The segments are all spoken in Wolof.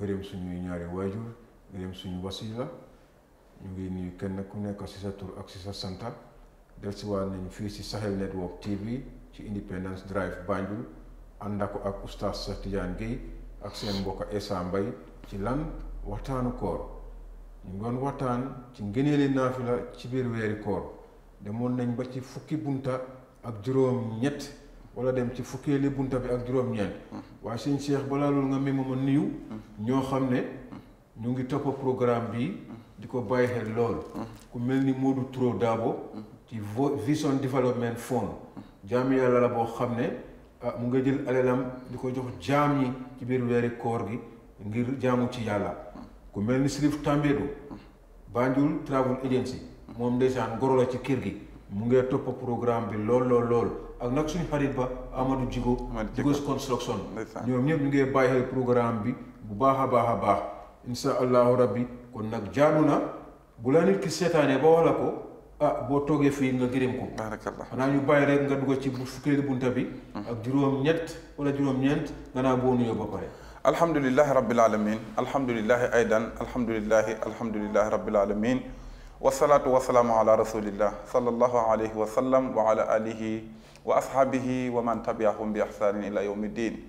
gërëm suñuy ñaari waajur gërëm suñu wasila ñu ngi nii kenn ku nekk ci sa tur ak si sa santa dellusiwaat nañu fii si Sahel Network TV ci Independence Drive Banjul ànd ko ak oustaz Cheikh Tidiane Gueye ak seen mbokk Essa Mbaye ci lan waxtaanu koor ñu doon waxtaan ci ngëneeli naafila ci biir weeri koor demoon nañ ba ci fukki bunta ak juróom ñett wala dem ci fukkeeli bunta bi ak juróom-ñeent waaye sëñ Cheikh balaa loolu nga may ma nuyu ñoo xam ne ñu ngi topp programme bi di ko bàyyi xel lool ku mel ni Modou Touré Dabo ci Vision Development Fund jaam yàlla la boo xam ne ah, mu nga jël alelam di ko jox jaam yi ci biir weeri koor gi ngir jaamu ci yàlla ku mel ni Sirif Tambédou Banjul Travel Agency moom ndeysaan goro la ci kër gi mu ngi topp programme bi lool lool lool ak nag suñu xarit ba Amadou Djigo Djigo's construction ñoom ñëpp ñu ngi bàyyi xel programme bi bu baax a baax a baax insha allahu rabbi kon nag jaanu na bu la nit ki seetaanee ba wax la ko ah boo toogee fii nga gërëm ko xanaa ñu bàyyi rek nga dugg ci fukkeelu bunta bi ak juróom ñett wala juróom ñeent nga naa boo nuyoo ba pare alhamdulillahi rabbil alamin alhamdulillahi aydan alhamdulillahi alhamdulillahi rabbil alamin wasalaatu wasalaamu ala rasulillah sallallahu alayhi wa sallam wa ala alihi wa ashaabihi wa man tabiahum bi ihsanin ila yawmi din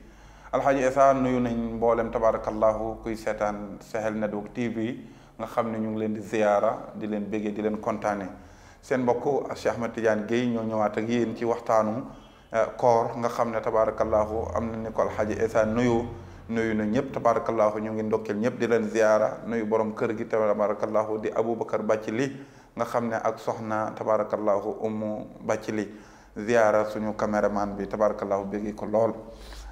alxaaji Essa nuyu nañ mboolem tabarakallahu kuy seetaan Sahel Network TV nga xam ne ñu ngi leen di ziyaara di leen béggee di leen kontaane seen mbokk Cheikh Ahmed Tidiane Gueye ñoo ñëwaat ak yéen ci waxtaanu koor nga xam ne tabarakallahu am na ni ko alxaaji Essa nuyu nuyu na ñëpp tabaarakallaahu ñu ngi ndokkeel ñëpp di leen ziyaara nuyu borom kër gi tabaarakallaahu di Aboubacar Bathily nga xam ne ak soxna tabaarakallaahu Umu li ziyaara suñu caméraman bi tabaarakallaahu béggi ko lool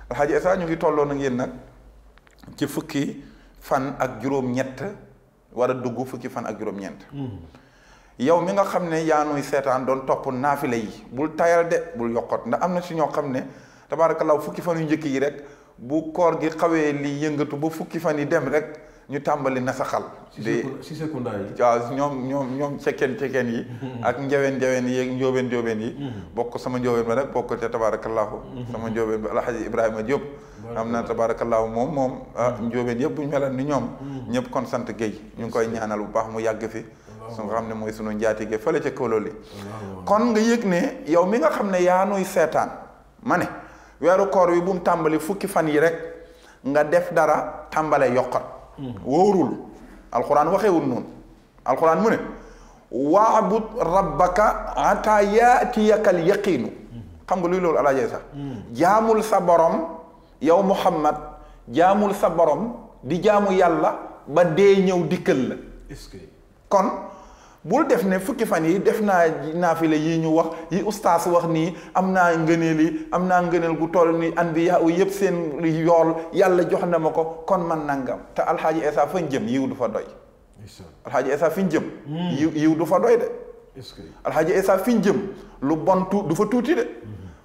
alxaaji Essa ñu ngi tolloon ak yéen nag ci fukki fan ak juróom-ñett war dugg fukki fan ak juróom-ñeent hmm. yow mi nga xam ne yaa nuy seetaan doon topp naafile yi bul tayal de bul yokkot ndax am na si ñoo xam ne tabaarakallaahu fukki fan yu njëkk yi rek bu koor gi xawee li yëngatu ba fukki fan yi dem rek ñu tàmbali na de xal seconda yi. waaw ñoom ñoom ñoom cekkeen cekkeen yi. Mm-hmm. ak njaween njaween yi ak njóobeen yi. Mm-hmm. bokk sama njóobeen ba rek bokk ca tabaarakallaahu. Mm-hmm. sama njóobeen ba alxaji Ibrahima Diop. am na tabaarakallaahu moom moom. Ah, njóobeen yëpp bu ñu meloon ni ñoom. ñëpp kon sant Guèye ñu ngi koy ñaanal bu baax mu yàgg fi. su nga xam ne mooy sunu njaatige fële ca kololi kon nga yëg ne yow mi nga xam ne yaa nuy seetaan ma ne. wéru koor wi bu mu tàmbali fukki fan yi rek nga def dara tàmbale yokkat wóorul alquran waxewul noonu alquran mu ne waabud rabbaka ata yaatiyaka al xam nga luy loolu alaajee sax jaamul sa borom yow muhammad jaamul sa borom di jaamu yàlla ba dee ñëw dikkal la kon bul def ne fukki fan yi def naa naafile yi ñu wax yi ustaas wax nii am naa ngëneel yi am naa ngëneel gu toll ni andi u yëpp seen yool yàlla jox na ma ko kon man nangam te alxaaji Essa fañ jëm yiw du fa doy alxaaji Essa fiñ jëm yiw yiw du fa doy de alxaaji Essa fiñ jëm lu bon tu du fa tuuti de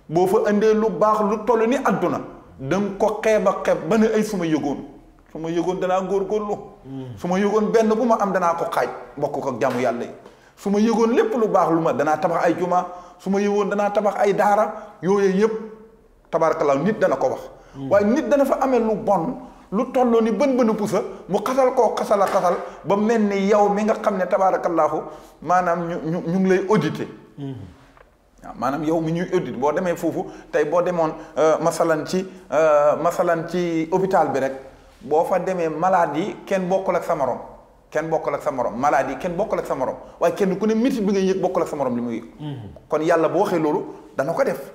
boo fa indee lu baax lu toll ni àdduna danga ko xeeb a xeeb ba ne ay suma yëgoon su ma yëgoon danaa góorgóorlu su ma yëgoon benn bu ma am danaa ko xaaj bokk ko jàmm yàlla yi su ma yëgoon lépp lu baax lu ma danaa tabax ay jumaa su ma yëgoon danaa tabax ay daara yooyu yëpp tabarkalaaw nit dana ko wax hmm. waaye nit dana fa amee lu bon lu tolloo ni bën bënu pusa mu xasal koo xasal a xasal ba mel ni yow mi nga xam ne tabaarakallaahu maanaam ñu ñu ñu ngi lay audité hmm. waaw maanaam yow mi ñuy audit boo demee foofu tey boo demoon euh, masalan ci euh, masalan ci hôpital bi rek boo fa demee malade yi kenn bokkul ak sa morom kenn bokkul ak sa morom malade yi kenn bokkul ak sa morom waaye kenn ku ne métit bi nga yëg bokkul ak sa morom li mu yëg kon yàlla bu waxee loolu dana ko def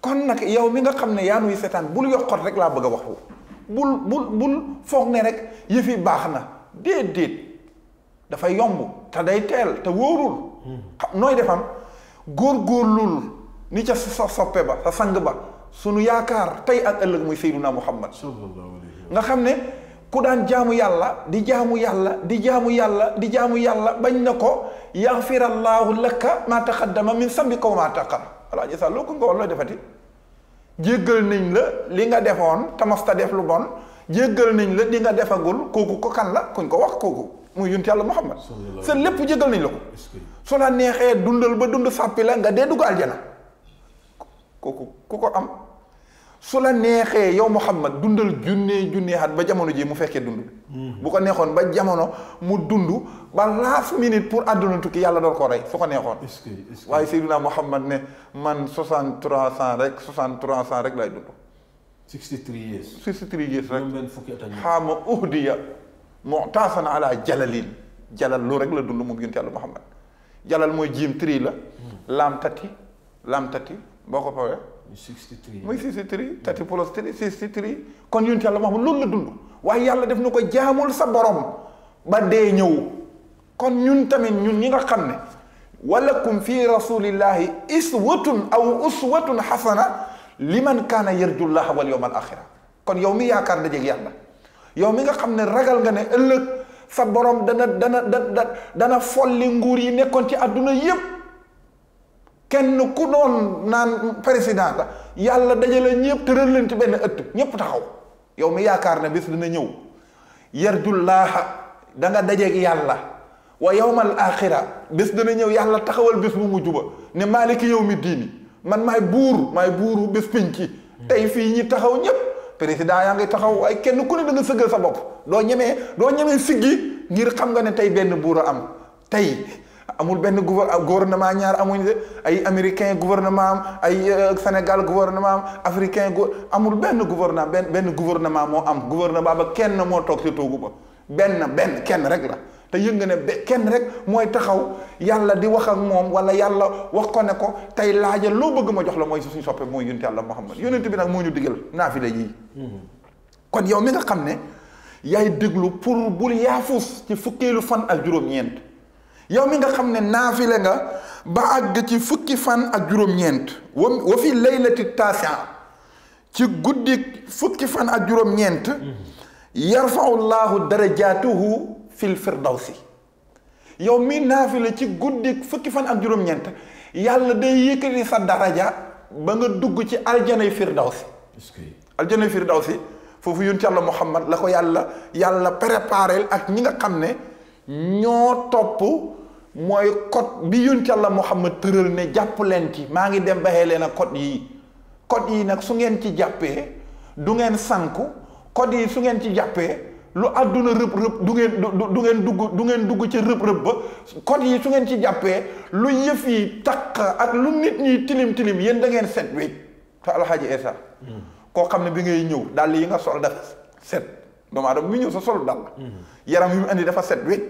kon nag yow mi nga xam ne yaa nuy seetaan bul yokkot rek laa bëgg a wax foofu bul bul bul foog ne rek yëf yi baax na déedéet dafa yomb te day teel te wóorul nooy defam góorgóorlul ni ca sa soppe ba sa sang ba sunu yaakaar tey ak ëllëg muy Seydunaa Muhammad nga xam ne ku daan jaamu yàlla di jaamu yàlla di jaamu yàlla di jaamu yàlla bañ na ko yaxfirallaahu laka maa taqaddama min sambika wa maa taqar alaaji sa loo ko nga woon looy defati jéggal nañ la li nga defoon tamasta def lu bon jéggal nañ la li nga defagul kooku ko kan la kuñ ko wax kooku muy yunt yàlla muhammad sa lépp jéggal nañ la ko su la neexee dundal ba dund sàppi la nga dee dugg aljana kooku ku ko am su la neexee yow Muhammad dundal junnee junnee at ba jamono jii mu fekkee dund hmm. bu ko neexoon ba jamono mu dund ba last minute pour àdduna tukki yàlla door ko rey su ko neexoon waaye Seydina Muhammad ne man soixante-trois cent rek soixante-trois cent rek lay dund sixty-three years sixty-three years rek xaama uhdiya mutaasan ala jalalin jalal lu rek la dund moom yonent yàlla Muhammad jalal mooy jiim tri la hmm. laam tati laam tati boo ko fawee 63 muy 63 thirty plus three 63 kon yonent yàlla Muhammad loolu la dund waaye yàlla def na ko jaamul sa borom ba dee ñëw kon ñun tamit ñun ñi nga xam ne walakum fi rasulillahi iswatun aw uswatun xasana liman kaana yarju llah wal yawm al axira kon yow mi yaakaar dajeeg yàlla yow mi nga xam ne ragal nga ne ëllëg sa borom dana dana da dana folli nguur yi nekkoon ci àdduna yépp kenn ku doon naan président la yàlla dajale ñëpp tëral leen ci benn ëtt ñëpp taxaw yow mi yaakaar na bés dina ñëw yarjullaaha da danga dajeeg yàlla wa yawmal axira bis dana ñëw yàlla taxawal bés bu mujj ba ne maaliki yawmi diini man maay buur maay buuru bis pinc ci tey fii ñi taxaw ñëpp président yaa ngi taxaw ay kenn ku ne da nga sëggal sa bopp doo ñemee doo ñemee siggi ngir xam nga ne tey benn buur am tey amul benn ah, gouvernement ñaar amuñ de ay américain guvernement am ay euh, Sénégal gouvernement am africain go amul benn gouvernement benn benn gouvernement moo am gouvernement ba kenn moo toog ci toogu ba benn benn kenn rek la te yëngu ne be kenn rek mooy taxaw yàlla di wax ak moom wala yàlla wax ko ne ko tey laajal loo bëgg ma jox la mooy suñu soppe mooy yonent yàlla Muhammad yonent bi nag moo ñu digal naafile yii mm-hmm. kon yow mi nga xam ne yaay déglu pour bul yaafus ci fukkeelu fan ak juróom-ñeent yow mi nga xam ne naafile nga ba àgg ci fukki fan ak juróom-ñeent wa fi laylati taasia ci guddi fukki fan ak juróom-ñeent mm-hmm. yarfau llahu darajatuhu fil firdawsi yow mi naafile ci guddi fukki fan ak juróom-ñeent yàlla day yëkkati sa daraja ba nga dugg ci aljanay firdawsi aljanay si foofu yonent yàlla Muhammad la ko yàlla yàlla préparé ak ñi nga xam ne ñoo topp moy kot bi yunt muhammad tëral ne japp len ci ma ngi dem baxee leen kot yi kot yi nak su ngeen ci jappé du ngeen sanku kot yi su ngeen ci jappé lu aduna rep rep du ngeen du ngeen dugg du ngeen dugg ci rep rep ba kot yi su ngeen ci jappé lu yef yi tak ak lu nit ñi tilim tilim yeen da ngeen set wej fa alxaaji Essa koo xam ne bi ngay ñew dal yi nga sol da set doomu aadama bi ñew sa sol dal mm-hmm. yaram yi mu andi dafa set wej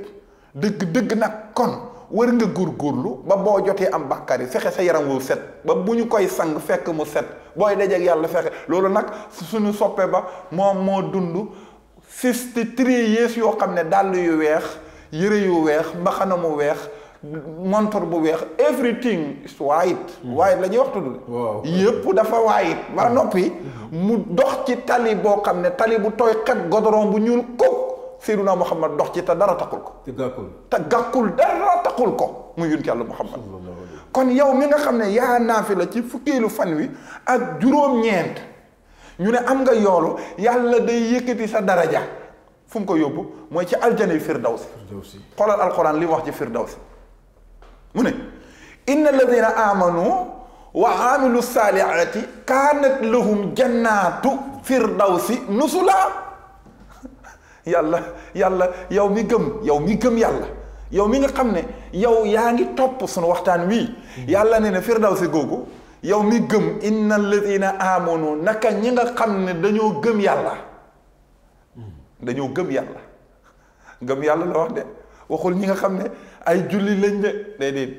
deug deug nag kon wër nga góorgóorlu ba boo jotee am bàkkaar yi fexe sa yaram wu set ba bu ñu koy sang fekk mu set booy dajeeg yàlla fexe loolu nag suñu soppee ba moom moo dund sixty three yoo xam ne dàll yu weex yëre yu weex mbaxana mu weex montor bu weex everything is white mm-hmm. white la wax tudd yëpp dafa white a mm-hmm. noppi mm-hmm. mu dox ci tali boo xam ne tali bu tooy xet godoron bu ñuul ko xam Muhammad dox ci te dara taxul ko te gàkkul dara taxul ko muy yonent yàlla Muhammad kon yow mi nga xam ne yaa naafila ci fukkeelu fan wi ak juróom-ñeent ñu ne am nga yoolu yàlla day yëkkati sa daraja fu mu ko yóbbu mooy ci aljana firdawsi xoolal alquran li mu wax ci firdawsi mu ne inna alladina amanu wa amilu saalihaati kaanat lahum jannaatu firdawsi nusula yàlla yàlla yow mi gëm yow mi gëm yàlla yow mi nga xam ne yow yaa ngi topp sunu waxtaan wii yàlla ne ne firdawsi googu yow mi gëm inna alladina amanu naka ñi nga xam ne dañoo gëm yàlla dañoo gëm yàlla gëm yàlla la wax de waxul ñi nga xam ne ay jullit lañ de déedéet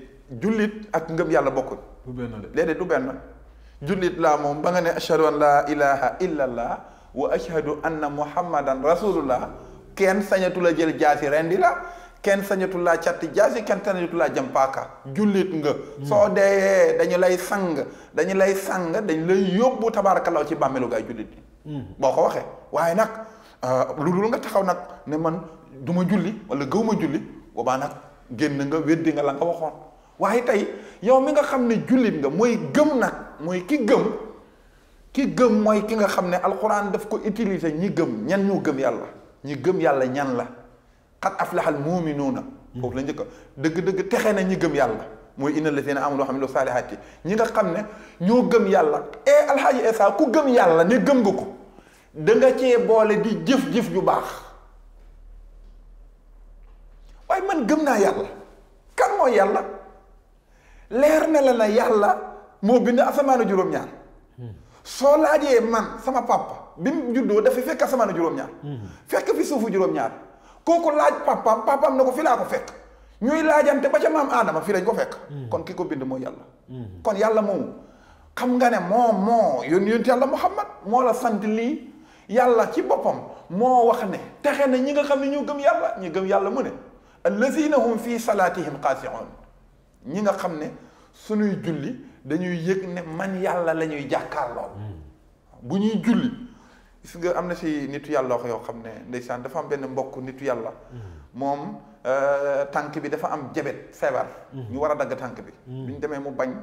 jullit ak ngëm yàlla bokkul du benn de déedéet du benn jullit laa moom ba nga ne ashhadu an laa ilaha illa allah wa ashhadu anna muhammadan rasulullah kenn sañatu la jël jaasi rendi la kenn sañatu laa catti jaasi kenn sañatu laa jam paaka jullit nga soo deeyee dañu lay sang dañu lay sang dañ lay yóbbu tabaarakallaahu ci bàmmeelu gaay jullit bi hmm. boo ko waxee waaye nag ah, lu dul nga taxaw nag ne man duma ma julli wala gëw ma julli boobaa nag génn nga weddi nga la nga waxoon waaye tey yow mi nga xam ne jullit nga mooy gëm nag mooy ki gëm ki gëm mooy ki nga xam ne alxuraan daf ko utiliser ñi gëm ñan ñu gëm yàlla ñi gëm yàlla ñan la xat aflaxal muuminuuna foofu la njëkk dëgg-dëgg texe na ñi gëm yàlla mooy inna lazina amanu wa amilu saalihaati ñi nga xam ne ñoo gëm yàlla e alxaaji Essa ku gëm yàlla ne gëm nga ko da nga cee boole di jëf-jëf ju baax waaye man gëm naa yàlla kan mooy yàlla leer na la na yàlla moo bind asamaanu juróom-ñaar soo laajee man sama papa bi juddoo dafa fekk asamaanu juróom-ñaar hmm. fekk fi suufu juróom-ñaar kooku laaj papaam papaam na ko fi laa ko fekk ñuy laajante ba ca maam aadama fi lañ ko fekk mm. kon ki ko bind mooy yàlla mm. kon yàlla moom xam nga ne moom moo yón yónent yàlla muhammad moo la sant lii yàlla ci boppam moo wax ne texe na ñi nga xam ne ñu gëm yàlla ñu gëm yàlla mu ne allazina hum fii salaatihim xaasi'un ñi nga xam ne suñuy julli dañuy yëg ne man yàlla lañuy ñuy jàkkaarloo mm. bu ñuy julli gis nga am na si nitu yàlla yoo xam ne ndeysaan dafa am benn mbokk nitu yàlla. Mm. moom euh, tànk bi dafa am jabet feebar. Mm-hmm. ñu war a dagg tànk bi. Mm-hmm. bi ñu demee mu bañ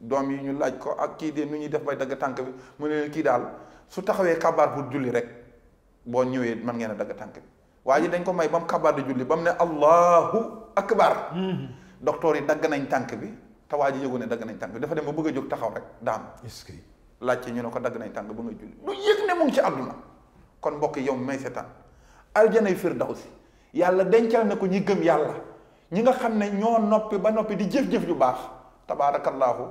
doom yi ñu laaj ko ak ah, kii de nu ñuy def bay dagg tànk bi mu ne leen kii daal su taxawee kabaar bu julli rek boo ñëwee mën ngeen dagg tànk bi waa ji dañ ko may ba mu kabaar di julli ba mu ne allahu akbar. Mm-hmm. docteur yi dagg nañ tànk bi te waa ji yëgu ne dagg nañ tànk bi dafa dem ba bëgg a jóg taxaw rek laajte ñu ne ko dagg nañ tànk ba nga julli du yëg ne mu ci àdduna kon mbokk yow may seetaan aljanay firdawsi yàlla dencal ne ko ñi gëm yàlla ñi nga xam ne ñoo noppi ba noppi di jëf-jëf ju baarakallaahu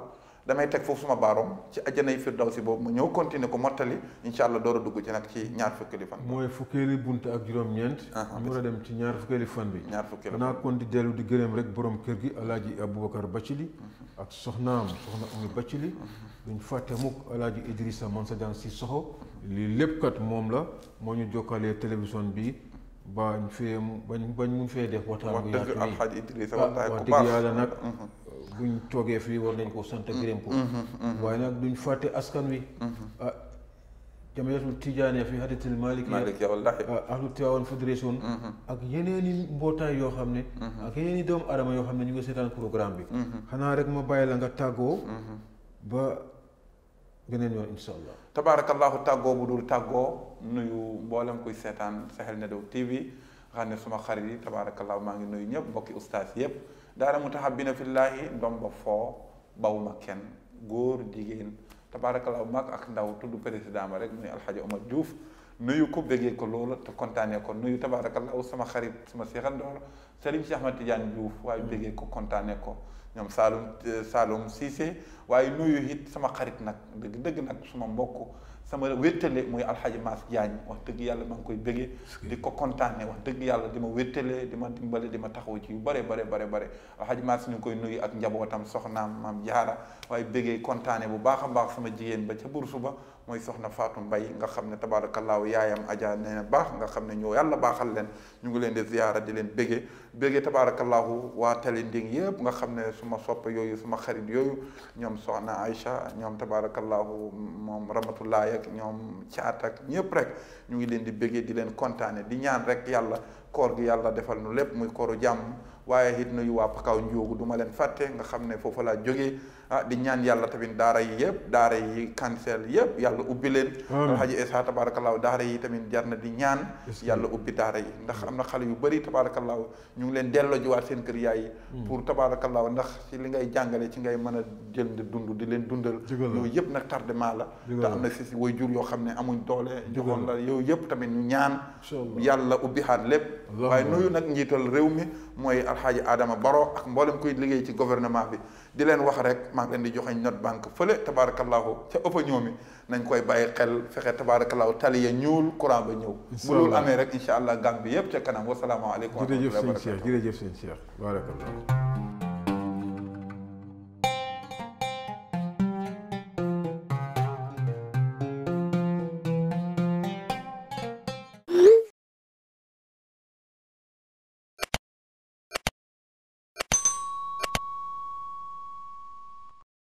damay teg foofu suma baaroom ci àjjanay si boobu ma ñëw continuer ko mottali incha allah door a dugg ci nag ci ñaar fukkeeli fan. mooy fukkeeli bunt ak juróom-ñeent. Ah, ñu war dem ci ñaar fukkeeli fan bi. ñaar fukkeeli naa kon di dellu di gërëm rek borom kër gi El Hadj Aboubacar Bathily ak soxnaam soxna Oumy Bathily. Mm-hmm. duñ fàtte mukk El Hadj Idrissa Mansadane Sissoko. lii lépp kat moom la moo ñu jokkalee télévision bi. ba ñu fee bañ bañ mu fee def waxtaan bu yaatu nii ah, wax dëgg yàlla buñ toogee fii war nañ ko sant gërëm ko mm-hmm, mm-hmm. waaye nag duñ fàtte askan wi mm-hmm. ah jamiyatul tijaaniya fi hadatil malikiya ah, ahlu tiwaawan fédération ak yeneeni mbootaay yoo xam ne ak yeneeni doomu adama yoo xam ne ñu ngi seetaan programme bi xanaa rek ma bàyyi la nga tàggoo ba geneen yoon insha allah tabaarakallaahu tàggoo bu dul tàggoo nuyu mboolem kuy seetaan sexel Sahel Net TV xam ne suma xarit yi tabaarakallaahu maa ngi nuyu ñëpp mbokki ustaas yëpp daara mu mutahabbina fillaahi ndomba foo bawuma kenn góor jigéen tabaarakallaahu mag ak ndaw tudd président ma rek mu ne alxaji Omar nuyu ko bëggee ko loolu te kontaanee ko nuyu tabaarakallaahu sama xarit suma seexandoor Serigne Cheikh Ahmad Tidiane juuf waaye bëggee ko kontaanee ko ñoom saalum Saloum Cissé waaye nuyu it sama xarit nag dëgg dëgg nag suma mbokku sama wéttale muy alxaji Mass Diagne wax dëgg yàlla ma ngi koy bëggee di ko kontaane wax dëgg yàlla di ma wéttale di ma dimbale di ma taxaw ci yu bare bare bare bare alxaji Mass ñu koy nuyu ak njabootam soxnaam maam jaara waaye bëggee kontaane bu baax a baax sama jigéen ba ca bursu ba mooy soxna Fatou Mbaye nga xam ne tabaarakallaahu yaayam Adja nee na baax nga xam ne ñoo yàlla baaxal leen ñu ngi leen di ziyaara di leen bége bége tabaarakallaahu waa Talinding yëpp nga xam ne suma sopp yooyu suma xarit yooyu ñoom soxna Aïcha ñoom tabaarakallaahu moom Ramatoulaye ak ñoom caat ak ñëpp rek ñu ngi leen di bége di leen kontaane di ñaan rek yàlla koor gi yàlla defal nu lépp muy kooru jàmm waaye it nuyu waa Pakaaw Njóogu du leen fàtte nga xam ne foofu laa jógee ah di ñaan yàlla tamit daara yi yëpp daara yi cancel yëpp yàlla ubbi leen alhaji Essa tabaarakallaahu daara yi tamit jar na di ñaan yàlla ubbi daara yi ndax am na xale yu bëri tabaarakallaahu ñu ngi leen delloo jiwaat seen kër yaay yi hmm. pour tabaarakallaahu ndax ci li ngay jàngale ci ngay mën a jël di dund di leen dundal yooyu yëpp nag tardement la te am na si si way jur yoo xam ne amuñ doole joxoon la yow yëpp tamit ñu ñaan yàlla ubbi xaat lépp waaye nuyu nag njiital réew mi mooy alhaaji Adama Baro ak mboolem kuy liggéey ci gouvernement bi di leen wax rek maa ngi leen di joxe note banque fële tabaarakallaahu ca ëpp ñoom mi nañ koy bàyyi xel fexe tabaarakallaahu tali ya ñuul courant ba ñëw. bu loolu amee rek incha allah gàm bi yëpp ca kanam wasalaamaaleykum. wa rahmatulah jërëjëf sëñ Cheikh jërëjëf